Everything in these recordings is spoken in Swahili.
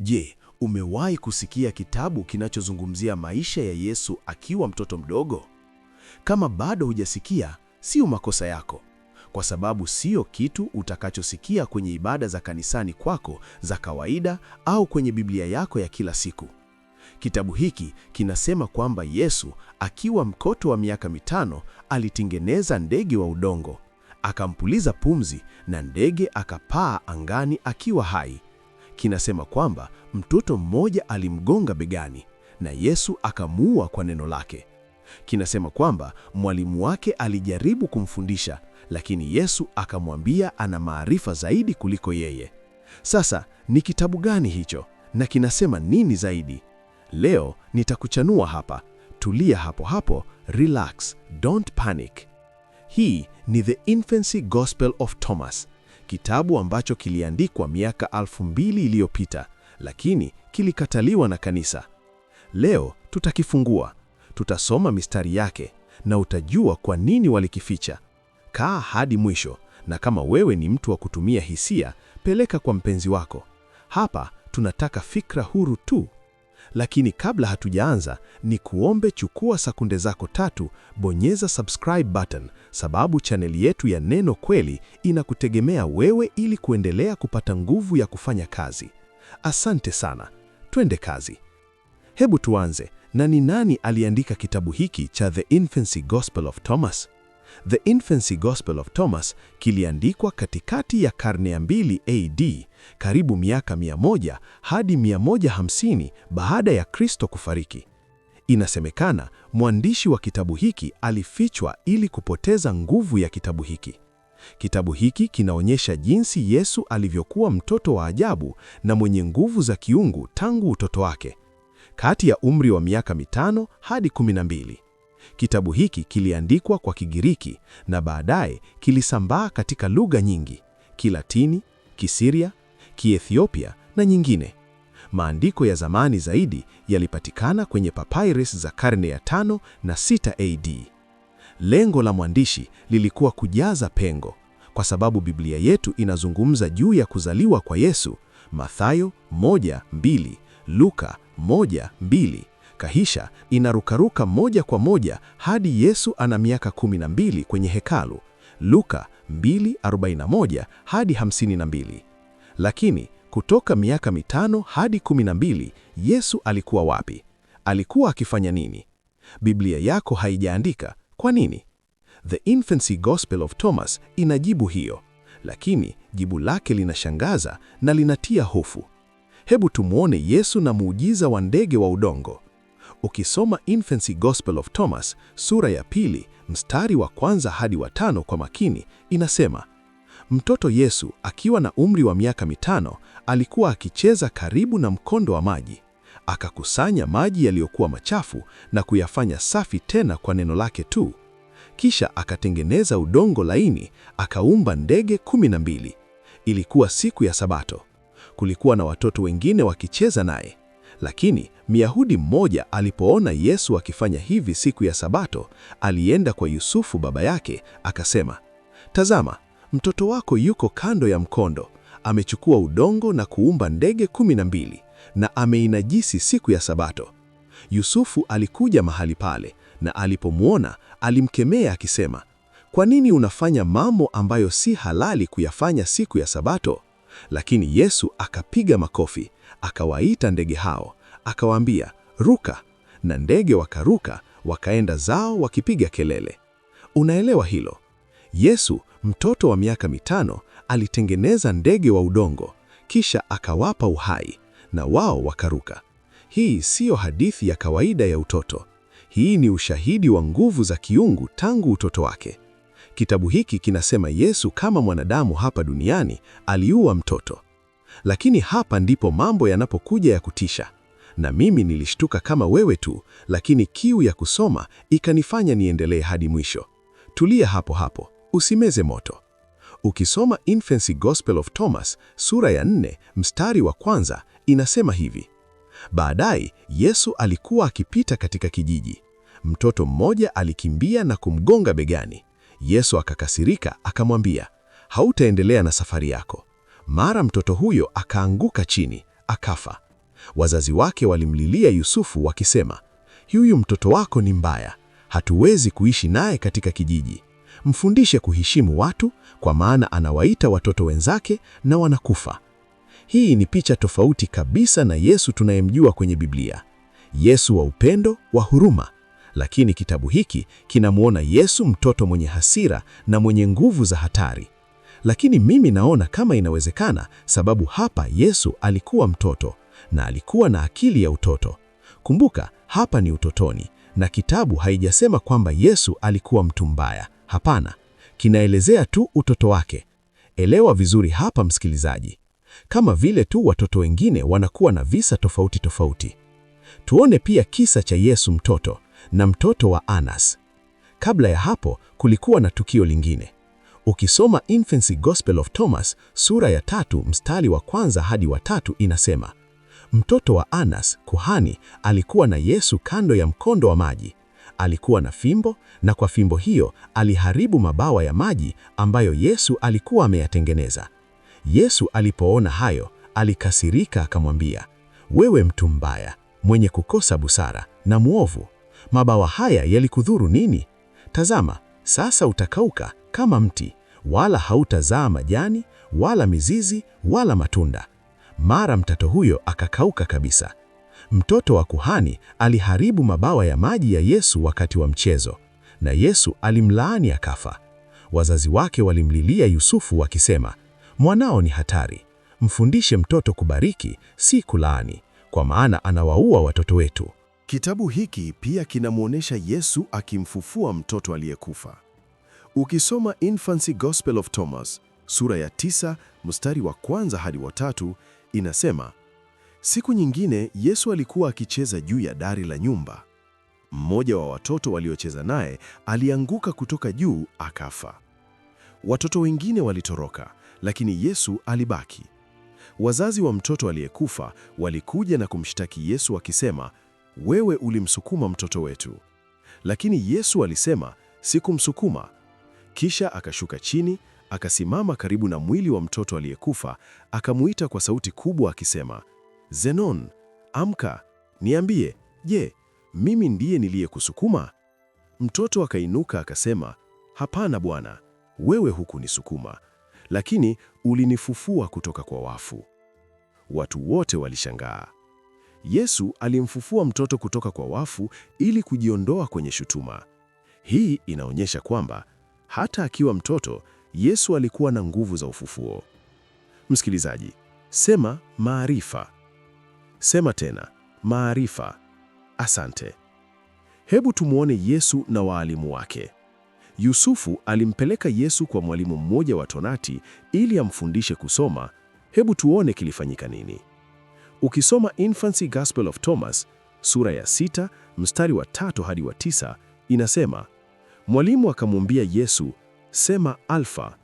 Je, umewahi kusikia kitabu kinachozungumzia maisha ya Yesu akiwa mtoto mdogo? Kama bado hujasikia, sio makosa yako, kwa sababu sio kitu utakachosikia kwenye ibada za kanisani kwako za kawaida au kwenye Biblia yako ya kila siku. Kitabu hiki kinasema kwamba Yesu akiwa mkoto wa miaka mitano alitengeneza ndege wa udongo, akampuliza pumzi na ndege akapaa angani akiwa hai kinasema kwamba mtoto mmoja alimgonga begani na Yesu akamuua kwa neno lake. Kinasema kwamba mwalimu wake alijaribu kumfundisha, lakini Yesu akamwambia ana maarifa zaidi kuliko yeye. Sasa ni kitabu gani hicho na kinasema nini zaidi? Leo nitakuchanua hapa. Tulia hapo hapo, relax, don't panic. Hii ni The Infancy Gospel of Thomas, kitabu ambacho kiliandikwa miaka elfu mbili iliyopita, lakini kilikataliwa na kanisa. Leo tutakifungua, tutasoma mistari yake na utajua kwa nini walikificha. Kaa hadi mwisho, na kama wewe ni mtu wa kutumia hisia, peleka kwa mpenzi wako. Hapa tunataka fikra huru tu. Lakini kabla hatujaanza, ni kuombe chukua sekunde zako tatu, bonyeza subscribe button, sababu chaneli yetu ya Neno Kweli inakutegemea wewe ili kuendelea kupata nguvu ya kufanya kazi. Asante sana, twende kazi. Hebu tuanze na ni nani aliandika kitabu hiki cha The Infancy Gospel of Thomas? The Infancy Gospel of Thomas kiliandikwa katikati ya karne ya mbili AD, karibu miaka 100 hadi 150 baada ya Kristo kufariki. Inasemekana mwandishi wa kitabu hiki alifichwa ili kupoteza nguvu ya kitabu hiki. Kitabu hiki kinaonyesha jinsi Yesu alivyokuwa mtoto wa ajabu na mwenye nguvu za kiungu tangu utoto wake, kati ya umri wa miaka mitano hadi 12. Kitabu hiki kiliandikwa kwa Kigiriki na baadaye kilisambaa katika lugha nyingi: Kilatini, Kisiria, Kiethiopia na nyingine. Maandiko ya zamani zaidi yalipatikana kwenye papyrus za karne ya tano na sita AD. Lengo la mwandishi lilikuwa kujaza pengo, kwa sababu Biblia yetu inazungumza juu ya kuzaliwa kwa Yesu, Mathayo mbili, Luka mbili. Kahisha inarukaruka moja kwa moja hadi Yesu ana miaka 12 kwenye hekalu, Luka 2:41 hadi 52. Lakini kutoka miaka mitano hadi 12 Yesu alikuwa wapi? Alikuwa akifanya nini? Biblia yako haijaandika. Kwa nini? The Infancy Gospel of Thomas inajibu hiyo, lakini jibu lake linashangaza na linatia hofu. Hebu tumwone Yesu na muujiza wa ndege wa udongo. Ukisoma Infancy Gospel of Thomas sura ya pili mstari wa kwanza hadi wa tano kwa makini, inasema mtoto Yesu akiwa na umri wa miaka mitano alikuwa akicheza karibu na mkondo wa maji, akakusanya maji yaliyokuwa machafu na kuyafanya safi tena kwa neno lake tu. Kisha akatengeneza udongo laini, akaumba ndege kumi na mbili. Ilikuwa siku ya Sabato. Kulikuwa na watoto wengine wakicheza naye. Lakini Myahudi mmoja alipoona Yesu akifanya hivi siku ya Sabato, alienda kwa Yusufu baba yake akasema, tazama, mtoto wako yuko kando ya mkondo, amechukua udongo na kuumba ndege kumi na mbili na ameinajisi siku ya Sabato. Yusufu alikuja mahali pale na alipomwona alimkemea akisema, kwa nini unafanya mambo ambayo si halali kuyafanya siku ya Sabato? Lakini Yesu akapiga makofi, akawaita ndege hao, akawaambia, ruka, na ndege wakaruka, wakaenda zao wakipiga kelele. Unaelewa hilo? Yesu mtoto wa miaka mitano alitengeneza ndege wa udongo, kisha akawapa uhai na wao wakaruka. Hii siyo hadithi ya kawaida ya utoto. Hii ni ushahidi wa nguvu za kiungu tangu utoto wake. Kitabu hiki kinasema Yesu kama mwanadamu hapa duniani aliua mtoto. Lakini hapa ndipo mambo yanapokuja ya kutisha. Na mimi nilishtuka kama wewe tu, lakini kiu ya kusoma ikanifanya niendelee hadi mwisho. Tulia hapo hapo, usimeze moto. Ukisoma Infancy Gospel of Thomas sura ya 4 mstari wa kwanza inasema hivi: Baadaye Yesu alikuwa akipita katika kijiji. Mtoto mmoja alikimbia na kumgonga begani. Yesu akakasirika, akamwambia, hautaendelea na safari yako. Mara mtoto huyo akaanguka chini, akafa. Wazazi wake walimlilia Yusufu wakisema, huyu mtoto wako ni mbaya, hatuwezi kuishi naye katika kijiji. Mfundishe kuheshimu watu, kwa maana anawaita watoto wenzake na wanakufa. Hii ni picha tofauti kabisa na Yesu tunayemjua kwenye Biblia. Yesu wa upendo, wa huruma, lakini kitabu hiki kinamwona Yesu mtoto mwenye hasira na mwenye nguvu za hatari. Lakini mimi naona kama inawezekana, sababu hapa Yesu alikuwa mtoto na alikuwa na akili ya utoto. Kumbuka, hapa ni utotoni, na kitabu haijasema kwamba Yesu alikuwa mtu mbaya. Hapana, kinaelezea tu utoto wake. Elewa vizuri hapa, msikilizaji, kama vile tu watoto wengine wanakuwa na visa tofauti tofauti. Tuone pia kisa cha Yesu mtoto na mtoto wa Anas. Kabla ya hapo kulikuwa na tukio lingine. Ukisoma Infancy Gospel of Thomas sura ya tatu mstari wa kwanza hadi wa tatu inasema, mtoto wa Anas kuhani alikuwa na Yesu kando ya mkondo wa maji. Alikuwa na fimbo na kwa fimbo hiyo aliharibu mabawa ya maji ambayo Yesu alikuwa ameyatengeneza. Yesu alipoona hayo, alikasirika akamwambia, wewe mtu mbaya, mwenye kukosa busara na mwovu Mabawa haya yalikudhuru nini? Tazama, sasa utakauka kama mti, wala hautazaa majani wala mizizi wala matunda. Mara mtoto huyo akakauka kabisa. Mtoto wa kuhani aliharibu mabawa ya maji ya Yesu wakati wa mchezo, na Yesu alimlaani akafa. Wazazi wake walimlilia Yusufu wakisema, mwanao ni hatari, mfundishe mtoto kubariki, si kulaani, kwa maana anawaua watoto wetu. Kitabu hiki pia kinamwonyesha Yesu akimfufua mtoto aliyekufa. Ukisoma Infancy Gospel of Thomas sura ya tisa mstari wa kwanza hadi wa tatu inasema, siku nyingine Yesu alikuwa akicheza juu ya dari la nyumba. Mmoja wa watoto waliocheza naye alianguka kutoka juu akafa. Watoto wengine walitoroka, lakini Yesu alibaki. Wazazi wa mtoto aliyekufa walikuja na kumshtaki Yesu wakisema wewe ulimsukuma mtoto wetu. Lakini Yesu alisema, sikumsukuma. Kisha akashuka chini, akasimama karibu na mwili wa mtoto aliyekufa, akamuita kwa sauti kubwa akisema, Zenon, amka, niambie, je, mimi ndiye niliyekusukuma? Mtoto akainuka akasema, hapana Bwana, wewe hukunisukuma, lakini ulinifufua kutoka kwa wafu. Watu wote walishangaa. Yesu alimfufua mtoto kutoka kwa wafu ili kujiondoa kwenye shutuma. Hii inaonyesha kwamba hata akiwa mtoto, Yesu alikuwa na nguvu za ufufuo. Msikilizaji, sema maarifa. Sema tena maarifa. Asante. Hebu tumwone Yesu na waalimu wake. Yusufu alimpeleka Yesu kwa mwalimu mmoja wa Tonati ili amfundishe kusoma. Hebu tuone kilifanyika nini. Ukisoma Infancy Gospel of Thomas sura ya sita mstari wa tatu hadi wa tisa inasema, mwalimu akamwambia Yesu, sema alfa.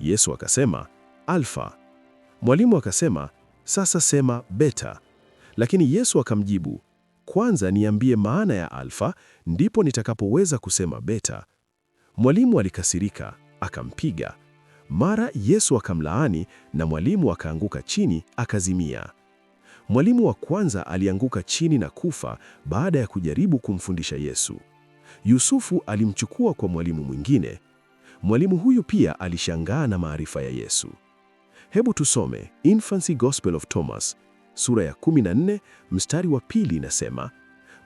Yesu akasema alfa. Mwalimu akasema, sasa sema beta. Lakini Yesu akamjibu, kwanza niambie maana ya alfa, ndipo nitakapoweza kusema beta. Mwalimu alikasirika, akampiga. Mara Yesu akamlaani na mwalimu akaanguka chini akazimia. Mwalimu wa kwanza alianguka chini na kufa baada ya kujaribu kumfundisha Yesu. Yusufu alimchukua kwa mwalimu mwingine. Mwalimu huyu pia alishangaa na maarifa ya Yesu. Hebu tusome Infancy Gospel of Thomas sura ya 14 mstari wa pili inasema,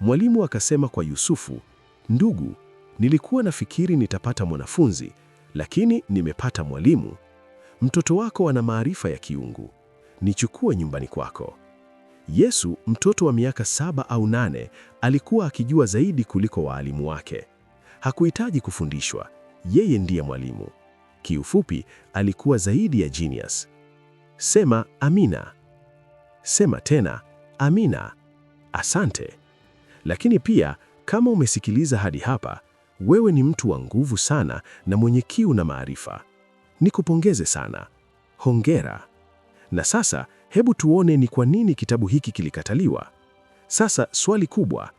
mwalimu akasema kwa Yusufu, ndugu, nilikuwa nafikiri nitapata mwanafunzi, lakini nimepata mwalimu. Mtoto wako ana maarifa ya kiungu, nichukue nyumbani kwako. Yesu, mtoto wa miaka saba au nane, alikuwa akijua zaidi kuliko waalimu wake. Hakuhitaji kufundishwa, yeye ndiye mwalimu. Kiufupi, alikuwa zaidi ya genius. Sema amina. Sema tena amina. Asante. Lakini pia kama umesikiliza hadi hapa, wewe ni mtu wa nguvu sana na mwenye kiu na maarifa. Nikupongeze sana. Hongera. Na sasa hebu tuone ni kwa nini kitabu hiki kilikataliwa. Sasa swali kubwa,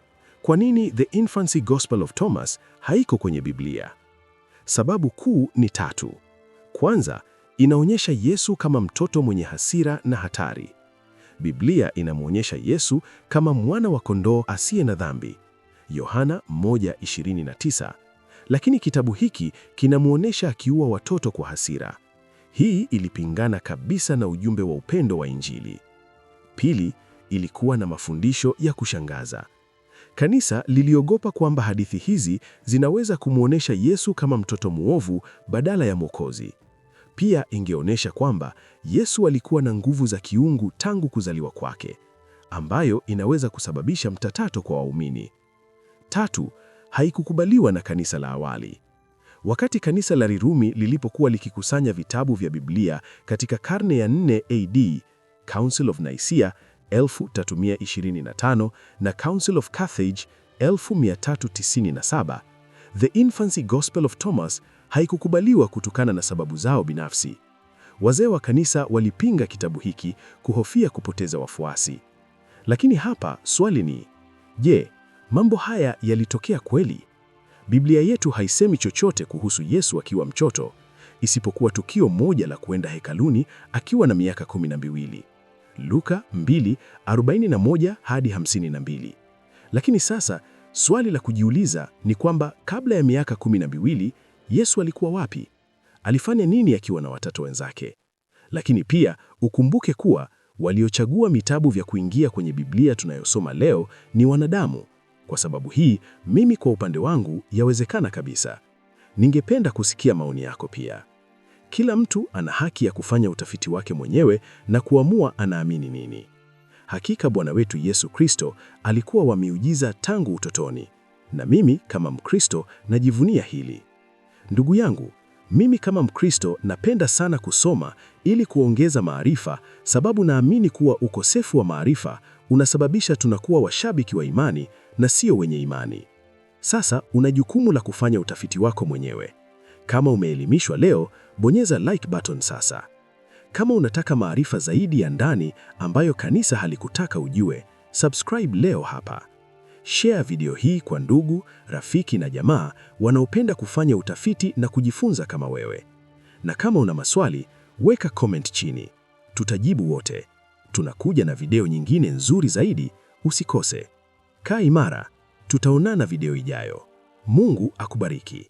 kwa nini The Infancy Gospel of Thomas haiko kwenye Biblia? Sababu kuu ni tatu. Kwanza, inaonyesha Yesu kama mtoto mwenye hasira na hatari. Biblia inamwonyesha Yesu kama mwana wa kondoo asiye na dhambi. Yohana 1:29. Lakini kitabu hiki kinamwonyesha akiua watoto kwa hasira. Hii ilipingana kabisa na ujumbe wa upendo wa Injili. Pili, ilikuwa na mafundisho ya kushangaza. Kanisa liliogopa kwamba hadithi hizi zinaweza kumwonyesha Yesu kama mtoto mwovu badala ya Mwokozi. Pia ingeonyesha kwamba Yesu alikuwa na nguvu za kiungu tangu kuzaliwa kwake, ambayo inaweza kusababisha mtatato kwa waumini. Tatu, haikukubaliwa na kanisa la awali. Wakati kanisa la Rirumi lilipokuwa likikusanya vitabu vya Biblia katika karne ya 4 AD, Council of Nicaea 1325 na Council of Carthage 1397, The Infancy Gospel of Thomas haikukubaliwa kutokana na sababu zao binafsi. Wazee wa kanisa walipinga kitabu hiki kuhofia kupoteza wafuasi. Lakini hapa swali ni, je, mambo haya yalitokea kweli? Biblia yetu haisemi chochote kuhusu Yesu akiwa mtoto, isipokuwa tukio moja la kuenda hekaluni akiwa na miaka kumi na miwili. Luka 2:41 hadi 52. Lakini sasa swali la kujiuliza ni kwamba kabla ya miaka kumi na miwili Yesu alikuwa wapi? Alifanya nini akiwa na watoto wenzake? Lakini pia ukumbuke kuwa waliochagua vitabu vya kuingia kwenye Biblia tunayosoma leo ni wanadamu. Kwa sababu hii, mimi kwa upande wangu, yawezekana kabisa. Ningependa kusikia maoni yako pia. Kila mtu ana haki ya kufanya utafiti wake mwenyewe na kuamua anaamini nini. Hakika Bwana wetu Yesu Kristo alikuwa wa miujiza tangu utotoni, na mimi kama Mkristo najivunia hili. Ndugu yangu, mimi kama Mkristo napenda sana kusoma ili kuongeza maarifa, sababu naamini kuwa ukosefu wa maarifa unasababisha tunakuwa washabiki wa imani na sio wenye imani. Sasa una jukumu la kufanya utafiti wako mwenyewe. Kama umeelimishwa leo, bonyeza like button sasa. Kama unataka maarifa zaidi ya ndani ambayo kanisa halikutaka ujue, subscribe leo hapa. Share video hii kwa ndugu, rafiki na jamaa wanaopenda kufanya utafiti na kujifunza kama wewe. Na kama una maswali, weka comment chini. Tutajibu wote. Tunakuja na video nyingine nzuri zaidi, usikose. Kaa imara. Tutaonana video ijayo. Mungu akubariki.